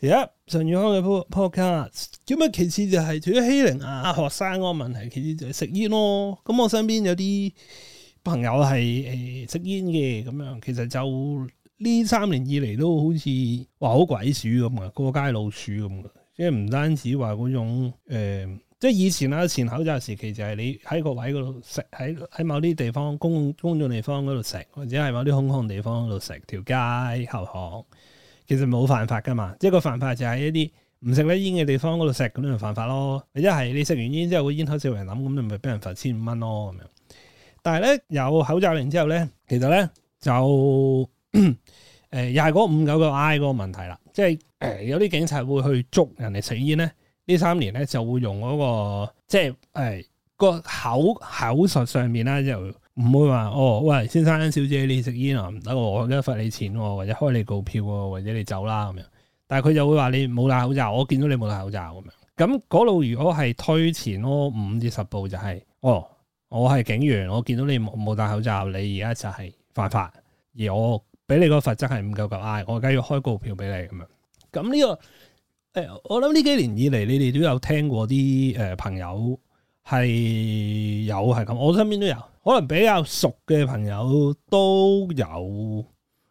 而家常遠康嘅 podcast 咁啊其次就係、是、除咗欺凌啊學生嗰個問題，其次就係食煙咯。咁、嗯、我身邊有啲朋友係食、呃、煙嘅咁樣，其實就呢三年以嚟都好似話好鬼鼠咁啊，過街老鼠咁。即係唔單止話嗰種、呃、即係以前啊前口罩時期就係你喺個位嗰度食，喺喺某啲地方公共公眾地方嗰度食，或者係某啲空空地方嗰度食，條街後巷。其實冇犯法噶嘛，即係個犯法就係一啲唔食得煙嘅地方嗰度食，咁就犯法咯。一係你食完煙之後個煙口照人諗，咁你咪俾人罰千五蚊咯咁樣。但係咧有口罩令之後咧，其實咧就誒、呃、又係嗰五九九 I 嗰個問題啦，即係誒、呃、有啲警察會去捉人哋食煙咧，呢三年咧就會用嗰、嗰個即係誒個口口述上面啦就。唔會話哦喂，先生小姐你食煙啊？唔得，我而家罰你錢，啊，或者開你告票，啊，或者你走啦咁樣。但係佢就會話你冇戴口罩，我見到你冇戴口罩咁樣。咁嗰度如果係推前咯，五至十步就係、是、哦，我係警員，我見到你冇冇戴口罩，你而家就係犯法，而我俾你個罰則係五九九 I，我而家要開告票俾你咁樣。咁呢、這個誒、哎，我諗呢幾年以嚟，你哋都有聽過啲誒、呃、朋友。係有係咁，我身邊都有，可能比較熟嘅朋友都有，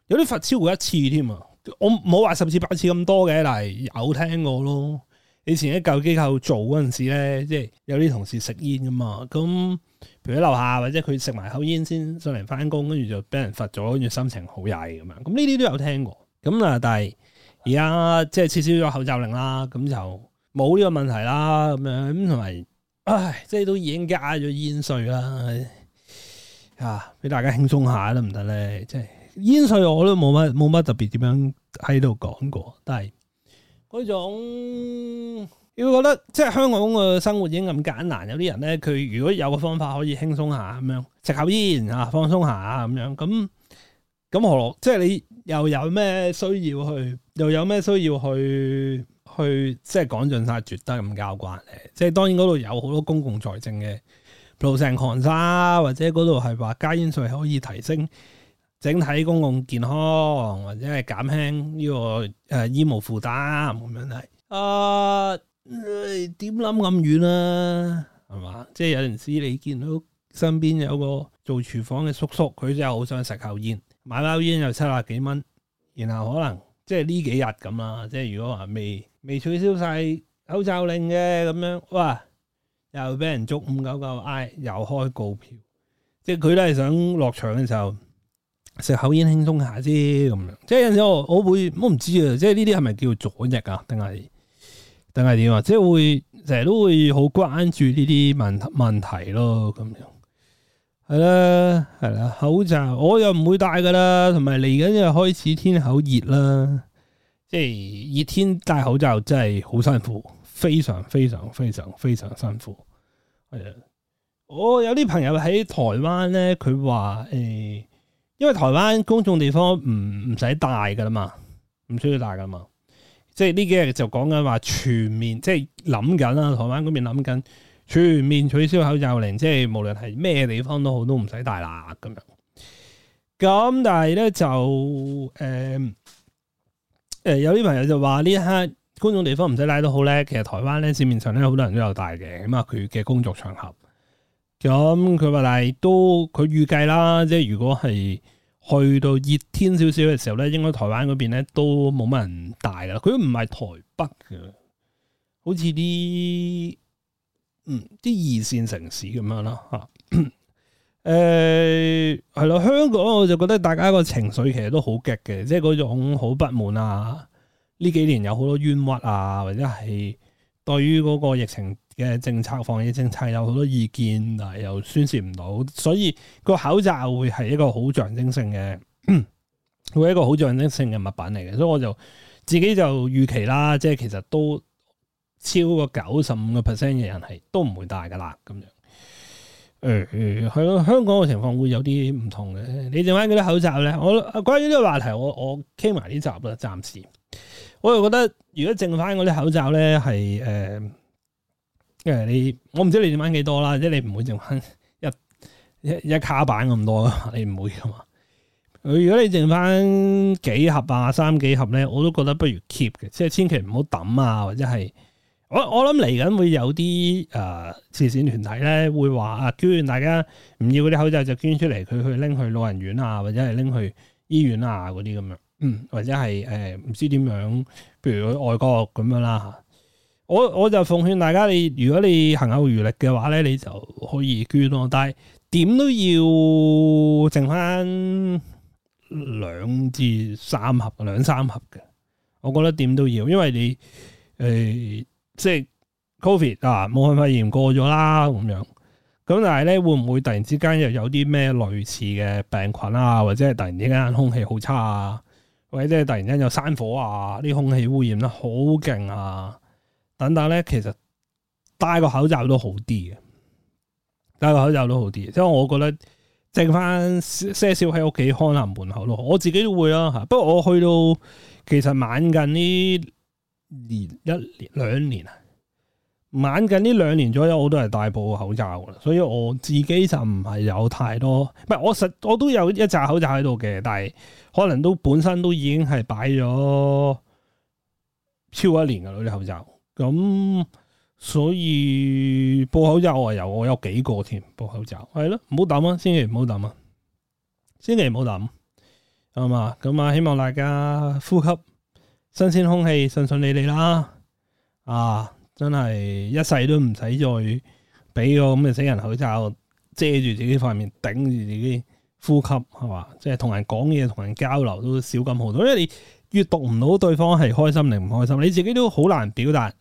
有啲罰超過一次添啊！我冇話十次八次咁多嘅，但係有聽過咯。以前喺舊機構做嗰陣時咧，即係有啲同事食煙噶嘛，咁譬如喺樓下或者佢食埋口煙先上嚟翻工，跟住就俾人罰咗，跟住心情好曳咁樣。咁呢啲都有聽過，咁啊，但係而家即係撤銷咗口罩令啦，咁就冇呢個問題啦，咁樣咁同埋。唉，即係都已經加咗煙稅啦，啊俾大家輕鬆下得唔得咧。即係煙稅我都冇乜冇乜特別點樣喺度講過，但係嗰種你會覺得即係香港嘅生活已經咁艱難，有啲人咧佢如果有個方法可以輕鬆下咁樣食口煙啊，放鬆下咁樣咁咁何樂？即係你又有咩需要去，又有咩需要去？去即係講盡晒，絕得咁交關嘅，即係當然嗰度有好多公共財政嘅路成狂沙，或者嗰度係話加煙稅可以提升整體公共健康，或者係減輕呢個誒、呃、醫務負擔咁樣係。啊點諗咁遠啊？係嘛？即係有陣時你見到身邊有個做廚房嘅叔叔，佢真係好想食口煙，買包煙又七啊幾蚊，然後可能即係呢幾日咁啦。即係如果話未。未取消晒口罩令嘅咁樣，哇！又俾人捉五九九 I，又開告票，即係佢都係想落場嘅時候食口煙輕鬆下啫咁樣。即係有陣時我我會我唔知啊，即係呢啲係咪叫左翼啊，定係定係點啊？即係會成日都會好關注呢啲問問題咯，咁樣係啦係啦。口罩我又唔會戴噶啦，同埋嚟緊又開始天口熱啦。即係熱天戴口罩真係好辛苦，非常非常非常非常辛苦。係啊，我有啲朋友喺台灣咧，佢話誒，因為台灣公眾地方唔唔使戴噶啦嘛，唔需要戴噶嘛。即係呢幾日就講緊話全面，即係諗緊啦，台灣嗰邊諗緊全面取消口罩令，即係無論係咩地方都好，都唔使戴啦咁樣。咁但係咧就誒。欸誒，有啲朋友就話呢一刻觀眾地方唔使拉都好叻。其實台灣咧市面上咧好多人都有戴嘅，咁啊佢嘅工作場合，咁佢話但係都佢預計啦，即係如果係去到熱天少少嘅時候咧，應該台灣嗰邊咧都冇乜人戴噶，佢都唔係台北嘅，好似啲嗯啲二線城市咁樣啦吓。 誒，係咯，嗯，香港我就覺得大家個情緒其實都好激嘅，即係嗰種好不滿啊，呢幾年有好多冤屈啊，或者係對於嗰個疫情嘅政策防疫政策有好多意見，但係又宣洩唔到，所以個口罩會係一個好象徵性嘅，會一個好象徵性嘅物品嚟嘅，所以我就自己就預期啦，即係其實都超過九十五個 percent 嘅人係都唔會戴㗎喇，咁樣。誒，係咯、嗯，香港嘅情況會有啲唔同嘅。你剩翻嗰啲口罩咧，我關於呢個話題，我我傾埋呢集啦，暫時。我又覺得如果剩翻嗰啲口罩咧，係誒，因、呃、為你我唔知你剩翻幾多啦，即係你唔會剩翻一一一卡板咁多啊，你唔會噶嘛。如果你剩翻幾盒啊，三幾盒咧，我都覺得不如 keep 嘅，即係千祈唔好抌啊，或者係。我我諗嚟緊會有啲誒、呃、慈善團體咧會話啊，捐大家唔要嗰啲口罩就捐出嚟，佢去拎去，去老人院啊，或者係拎去醫院啊嗰啲咁樣，嗯，或者係誒唔知點樣，譬如去外國咁樣啦吓。我我就奉勸大家，你如果你行有餘力嘅話咧，你就可以捐咯。但係點都要剩返兩至三盒，兩三盒嘅，我覺得點都要，因為你誒。呃即係 covid 啊，武漢肺炎過咗啦，咁樣咁，但係咧會唔會突然之間又有啲咩類似嘅病菌啊，或者係突然之間空氣好差啊，或者即係突然間有山火啊，啲空氣污染得好勁啊，等等咧，其實戴個口罩都好啲嘅，戴個口罩都好啲，因為我覺得剩翻些少喺屋企看下門口咯，我自己都會啦、啊、吓，不過我去到其實晚近呢。年一年兩年啊，晚近呢兩年左右，我都係戴布口罩噶啦，所以我自己就唔係有太多，唔係我實我都有一扎口罩喺度嘅，但係可能都本身都已經係擺咗超一年嘅嗰啲口罩，咁所以布口罩啊，有我有幾個添，布口罩係咯，唔好抌啊，千祈唔好抌啊，千祈唔好抌，係嘛？咁啊，希望大家呼吸，新鮮空氣順順利利啦，啊！真係一世都唔使再俾個咁嘅死人口罩遮住自己塊面，頂住自己呼吸係嘛，即係同人講嘢，同人交流都少咁好多，因為你閱讀唔到對方係開心定唔開心，你自己都好難表達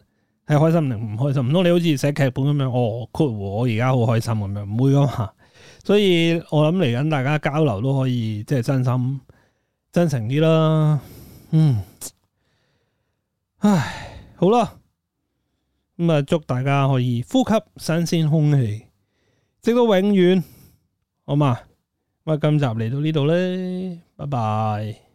係開心定唔開心。唔通你好似寫劇本咁樣，哦、我括我而家好開心咁樣，唔會㗎嘛。所以我諗嚟緊大家交流都可以即係真心真誠啲啦，嗯。唉，好啦，咁啊，祝大家可以呼吸新鮮空氣，直到永遠，好嘛？咁啊，今集嚟到呢度咧，拜拜。